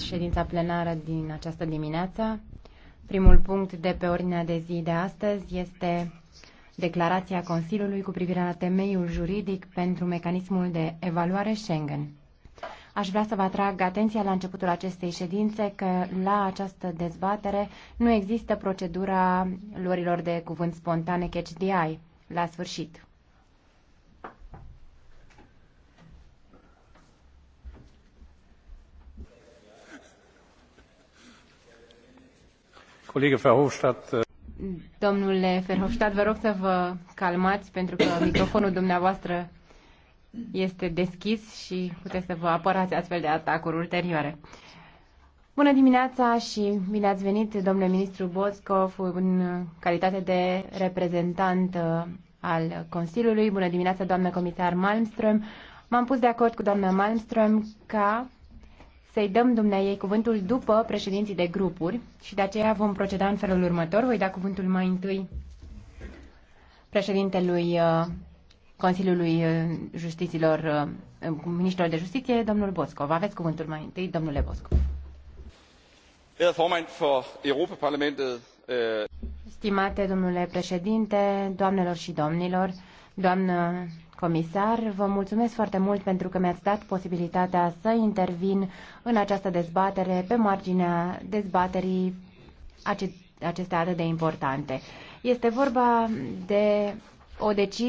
ședința plenară din această dimineață. Primul punct de pe ordinea de zi de astăzi este declarația Consiliului cu privire la temeiul juridic pentru mecanismul de evaluare Schengen. Aș vrea să vă atrag atenția la începutul acestei ședințe că la această dezbatere nu există procedura luărilor de cuvânt spontane catch the eye la sfârșit. Äh, domnule Verhofstadt, vă rog să vă calmați pentru că microfonul dumneavoastră este deschis și puteți să vă apărați astfel de atacuri ulterioare. Bună dimineața și bine ați venit, domnule ministru Boscov, în calitate de reprezentant uh, al Consiliului. Bună dimineața, doamnă comisar Malmström. M-am pus de acord cu doamna Malmström ca să-i dăm dumneai cuvântul după președinții de grupuri și de aceea vom proceda în felul următor. Voi da cuvântul mai întâi președintelui uh, Consiliului uh, Justiților, uh, Ministrul de Justiție, domnul Boscov. Aveți cuvântul mai întâi, domnule Boscov. Ærede er formand for europa Uh... Stimate domnule președinte, doamnelor și domnilor, doamnă comisar, vă mulțumesc foarte mult pentru că mi-ați dat posibilitatea să intervin în această dezbatere pe marginea dezbaterii acestea atât de importante. Este vorba de o decizie